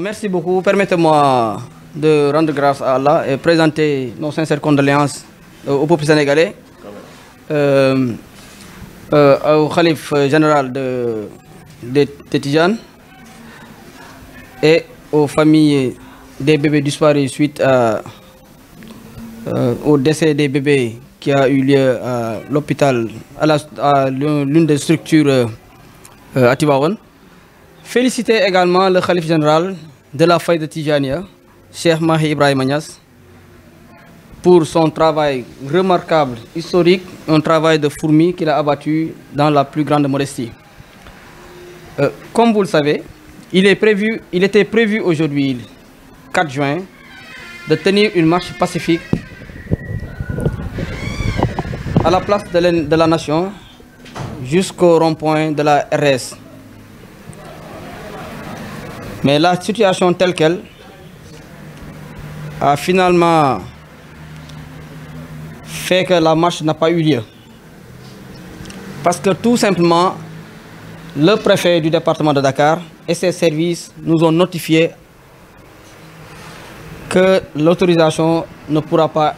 merci beaucoup. Permettez-moi de rendre grâce à Allah et présenter nos sincères condoléances euh, au peuple sénégalais, euh, euh, au calife général de, de, et aux familles des bébés disparus suite au décès des bébés qui a eu lieu à l'hôpital, à l'une des structures à Tibawan. Féliciter également le calife général de la faille de Tijania, Cheikh Mahi Ibrahim Agnès, pour son travail remarquable, historique, un travail de fourmi qu'il a abattu dans la plus grande modestie. Euh, comme vous le savez, il, était prévu aujourd'hui, 4 juin, de tenir une marche pacifique à la place de de la nation jusqu'au rond-point de la RS. Mais la situation telle qu'elle a finalement fait que la marche n'a pas eu lieu. Parce que tout simplement, le préfet du département de Dakar et ses services nous ont notifié que l'autorisation ne pourra pas,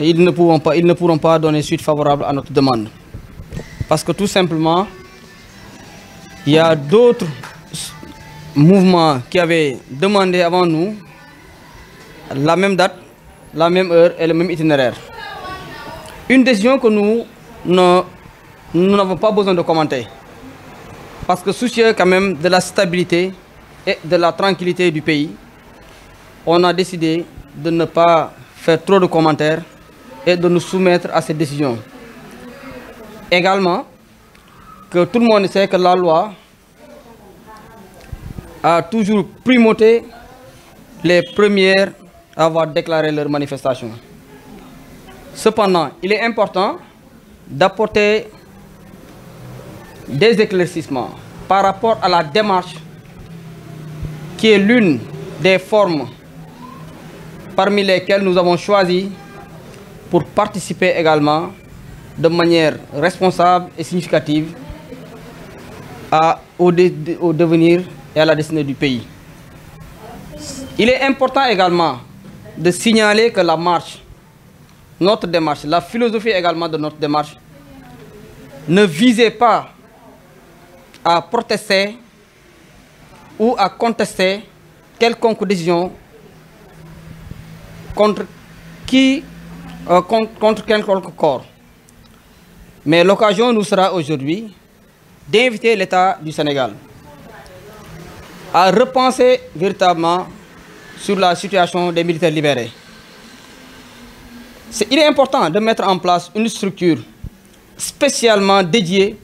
ils ne pourront pas, ils ne pourront pas donner suite favorable à notre demande. Parce que tout simplement, il y a d'autres mouvement qui avait demandé avant nous la même date, la même heure et le même itinéraire. Une décision que nous n'avons pas besoin de commenter. Parce que soucieux quand même de la stabilité et de la tranquillité du pays, on a décidé de ne pas faire trop de commentaires et de nous soumettre à cette décision. Également, que tout le monde sait que la loi a toujours primauté les premières à avoir déclaré leur manifestation. Cependant, il est important d'apporter des éclaircissements par rapport à la démarche qui est l'une des formes parmi lesquelles nous avons choisi pour participer également de manière responsable et significative à, au devenir à la destinée du pays. Il est important également de signaler que la marche, notre démarche, la philosophie également de notre démarche, ne visait pas à protester ou à contester quelconque décision contre qui euh, contre quelconque corps. Mais l'occasion nous sera aujourd'hui d'inviter l'État du Sénégal à repenser véritablement sur la situation des militaires libérés. il est important de mettre en place une structure spécialement dédiée,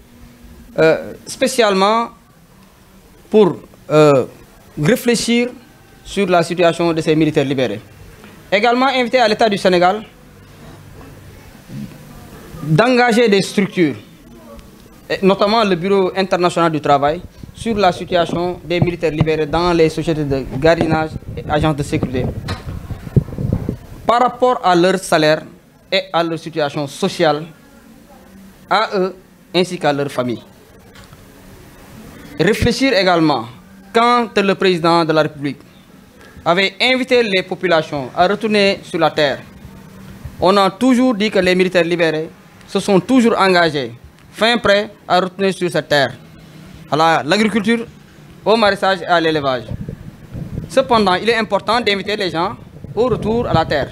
euh, spécialement pour euh, réfléchir sur la situation de ces militaires libérés. Également inviter à l'État du Sénégal d'engager des structures, notamment le Bureau international du travail, sur la situation des militaires libérés dans les sociétés de gardiennage et agences de sécurité par rapport à leur salaire et à leur situation sociale, à eux ainsi qu'à leur famille. Réfléchir également quand le président de la République avait invité les populations à retourner sur la terre. On a toujours dit que les militaires libérés se sont toujours engagés, fin prêt à retourner sur cette terre à l'agriculture, au maraîchage et à l'élevage. Cependant, il est important d'inviter les gens au retour à la terre.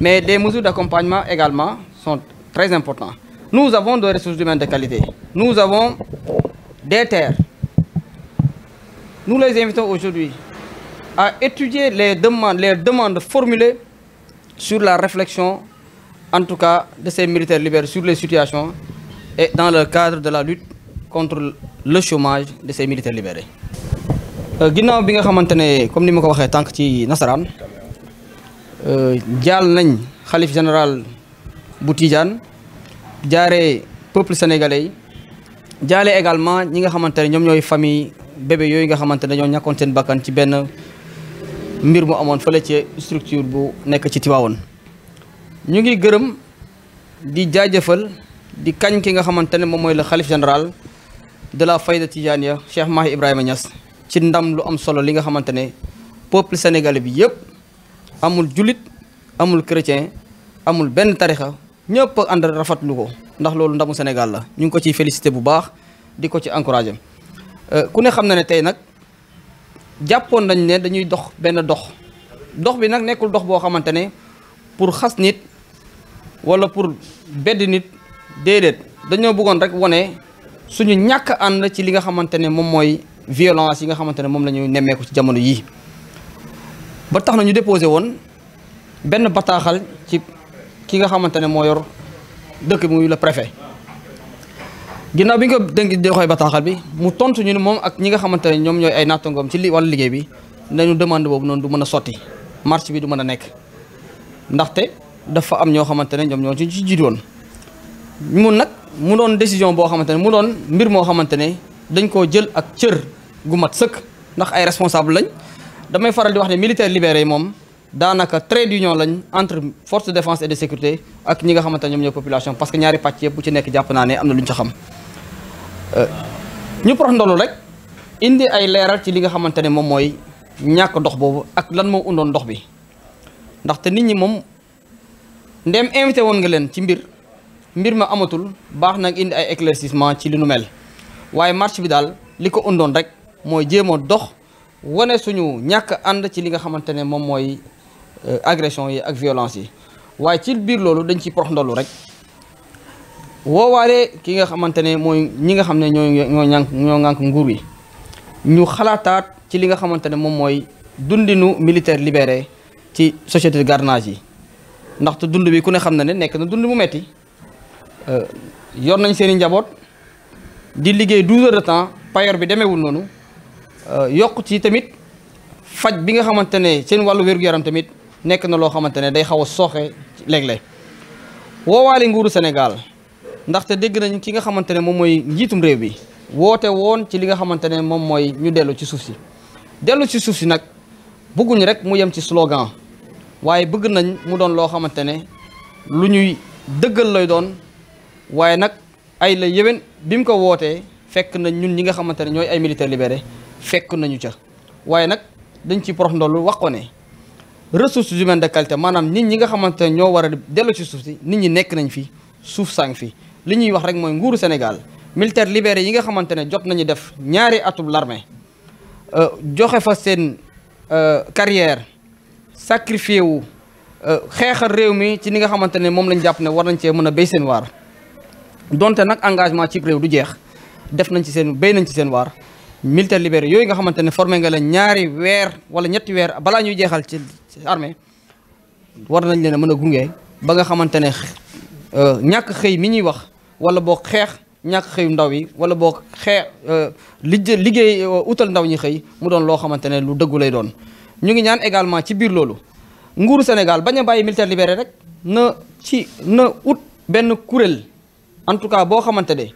Mais des mesures d'accompagnement également sont très importantes. Nous avons des ressources humaines de qualité. Nous avons des terres. Nous les invitons aujourd'hui à étudier les demandes, les demandes formulées sur la réflexion, en tout cas, de ces militaires libéraux sur les situations et dans le cadre de la lutte contre le chômage de ces militaires libérés. Euh, ginnaaw bi nga xamante ne comme ni ma ko waxee tànk ci nasaraan euh, jaal nañ xalif général bu Tidiane jaaree peuple sénégalais yi jaale également ñi nga xamante ne ñoom ñooy famille bébé yooyu nga xamante ne ñoo ñàkkoon seen bakkan ci benn mbir mu amoon fële ci structure bu nekk ci Tivaouane ñu ngi gërëm di jaajëfal di kañ ki nga xamante ne moom mooy le xalif général de la fayda ya Cheikh Mahi Ibrahima Niass ci ndam lu am solo li nga xamante ne peuple sénégalais bi yëpp amul jullit amul chrétien amul benn tarixa ñëpp ànd rafetlu ko ndax loolu ndamu Sénégal la ñu ngi ko ciy félicité bu baax di ko ci encouragé euh, ku ne xam na ne tey nag jàppoon nañ ne dañuy dox benn dox dox bi nag nekkul dox boo xamante ne pour xas nit wala pour bedd nit déedéet dañoo buggoon rek wane suñu ñàkk ànd ci li nga xamante ne moom mooy violence yi nga xamante ne moom la ñuy nemmeeku ci jamono yii ba tax na ñu déposé woon benn bataaxal ci ki nga xamante ne moo yor dëkk bi muy le préfet ginnaaw bi nga dénk joxee bataaxal bi mu tontu ñu ne moom ak ñi nga xamante ne ñoom ñooy ay nattangoom ci li wàllu liggéey bi nañu demande boobu noonu du mën a sotti marche bi du mën a nekk ndaxte dafa am ñoo xamante ne ñoom ñoo ci jiit woon mun nag mu doon décision boo xamante ne mu doon mbir moo xamante ne dañ koo jël ak cër gu mat sëkk ndax ay responsable lañ damay faral di wax ne militaire libéré yi moom daanaka trait d'union lañ entre force de défense et de sécurité ak ñi nga xamante ne ñoom ñooy population parce que ñaari pàcc yëpp bu ci nekk jàpp naa ne am na lu ñu ci xam euh, ñu prox ndolu rek indi ay leeral ci li nga xamante ne moom mooy ñàkk ndox boobu ak lan moo undoon ndox bi ndaxte nit ñi moom ndem invité woon nga leen ci mbir mbir ma amatul baax nag indi ay éclaircissement ci li nu mel waaye marche bi daal li ko ëndoon rek mooy jéemoo dox wane suñu ñàkk ànd ci li nga xamante ne moom mooy euh, agression yi ak violence yi waaye ci biir loolu dañ ciy porox ndolu rek woowaale ki nga xamante ne mooy ñi nga xam ne ñoo ñoo ñànk ñoo ŋànk nguur wi ñu xalaataat ci li nga xamante ne moom mooy dundinu militaire libere ci société de garnage yi ndaxte dund bi ku ne xam na ne nekk na dund mu metti Euh, yor nañ seen i njaboot di liggéey 12 heures bi demeewul noonu euh, yokk ci tamit faj bi nga xamante ne seen wàllu wér yaram tamit nekk na loo xamante ne day xaw a sooxe léeg-léeg nguuru Sénégal ndaxte dégg nañ ki nga xamante ne moom mooy njiitum réew bi woote woon ci li nga xamante ne moom mooy ñu dellu ci suuf si dellu ci suuf si nag bëgguñu rek mu yem ci slogan waaye bëgg nañ mu doon loo xamante ne lu ñuy dëggal lay doon waaye nag ay la yéwén bi mu ko wootee fekk na ñun ñi nga xamante ne ñooy ay militaires libérés fekk nañu ca waaye nag dañ ci porox ndoolu wax ko ne ressources humaines de qualité maanaam nit ñi nga xamante ñoo war a dellu ci suuf si nit ñi nekk nañ fi suuf sang fi li ñuy wax rek mooy nguuru Sénégal militaires libérés yi nga xamante ne jot nañu def ñaari atub l'armée euh, joxe fa seen euh, carrière sacrifié wu euh, xeexal réew mi ci ni nga xamante ne moom lañ jàpp ne war nañ cee mën a béy seen waar donte nag engagement ci réew du jeex def nañ ci seen béy nañ ci seen waar militaire libéré yooyu nga xamante ne formé nga leen ñaari weer wala ñetti weer balaa ñuy jeexal ci armée war nañ leen a mën a gunge ba nga xamante ne euh, ñàkk xëy mi ñuy wax wala boo xeex ñàkk xëyu ndaw yi wala boo xeex euh, li liggéey euh, utal ndaw ñi xëy mu doon loo xamante ne lu dëggu lay doon ñu ngi ñaan également ci biir loolu nguuru Sénégal bañ a bàyyi militaire libéré rek na ci ut benn kuréel en tout cas boo xamante ne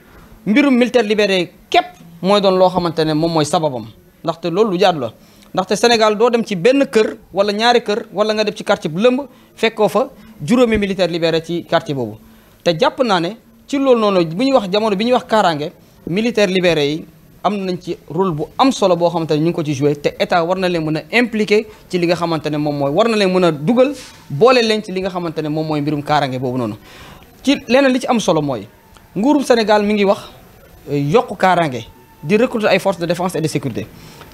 mbirum militaire libéré képp mooy doon loo xamante ne moom mooy sababam ndaxte loolu lu jaadu la ndaxte Sénégal doo dem ci benn kër wala ñaari kër wala nga dem ci quartier bu lëmb fekkoo fa juróomi militaire libéré ci quartier boobu te jàpp naa ne ci loolu noonu bu ñuy wax jamono bi ñuy wax kaaraange militaire libéré yi am nañ ci rôle bu am solo boo xamante ne ñu ngi ko ci joué te état war na leen mën a impliqué ci li nga xamante ne mooy war na leen mën a dugal boole leen ci li nga xamante ne moom mooy mbirum kaaraange boobu noonu ci leneen li ci am solo mooy nguurum Sénégal mi ngi wax euh, yokk kaaraange di recruter ay force de défense et de sécurité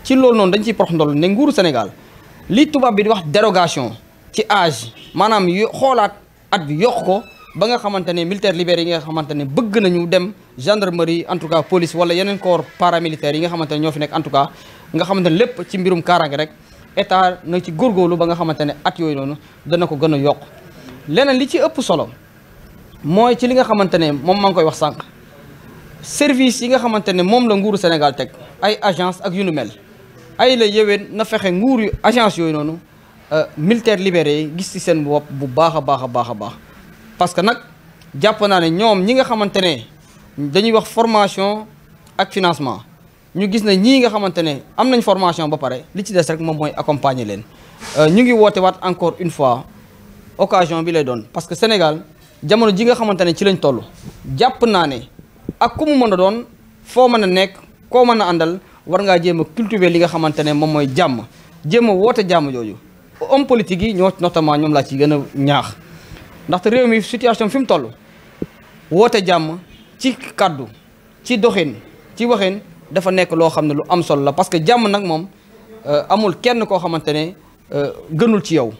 ci loolu noonu dañ ciy porox ndol ne nguuru Sénégal li tubaab bi di wax dérogation ci age maanaam xoolaat at bi yokk ko ba nga xamante ne militaire libéré yi nga xamante ne bëgg nañu dem gendarmerie en tout cas police wala yeneen corps paramilitaires yi nga xamante ne ñoo fi nekk en tout nga xamante ne lépp ci mbirum kaaraange rek état na ci góorgóorlu ba nga xamante ne at yooyu noonu dana ko gën a yokk leneen li ci ëpp solo moy ci li nga xamantene mom moom maa koy wax sank service yi nga xamantene mom la nguuru Sénégal tek ay agence ak yunu mel ay la yeween na fexé nguur yu agence yooyu euh militaire libéré gis ci sen bopp bu baax a baax a baax parce que nak, jàpp naa ne ñoom ñi nga xamantene dañuy wax formation ak financement ñu gis ne ñi nga xamantene am nañ formation ba paré li ci dess rek mom moy accompagner euh ñu ngi woté wat encore une fois occasion bi lay donne. parce que Sénégal jamono ji nga xamante ne ci lañ toll jàpp naa ne ak ku mu mën a doon foo mën a nekk koo mën a àndal war ngaa jéem a cultiver li nga xamante ne moom mooy jàmm jéem a woote jàmm jooju homme politique yi ñoo notamment ñoom laa ci gën a ñaax ndaxte réew mi situation fi mu toll woote jàmm ci kàddu ci doxin ci waxin dafa nekk loo xam ne lu am solo la parce que jàmm nag moom euh, amul kenn koo xamante ne euh, gënul ci yow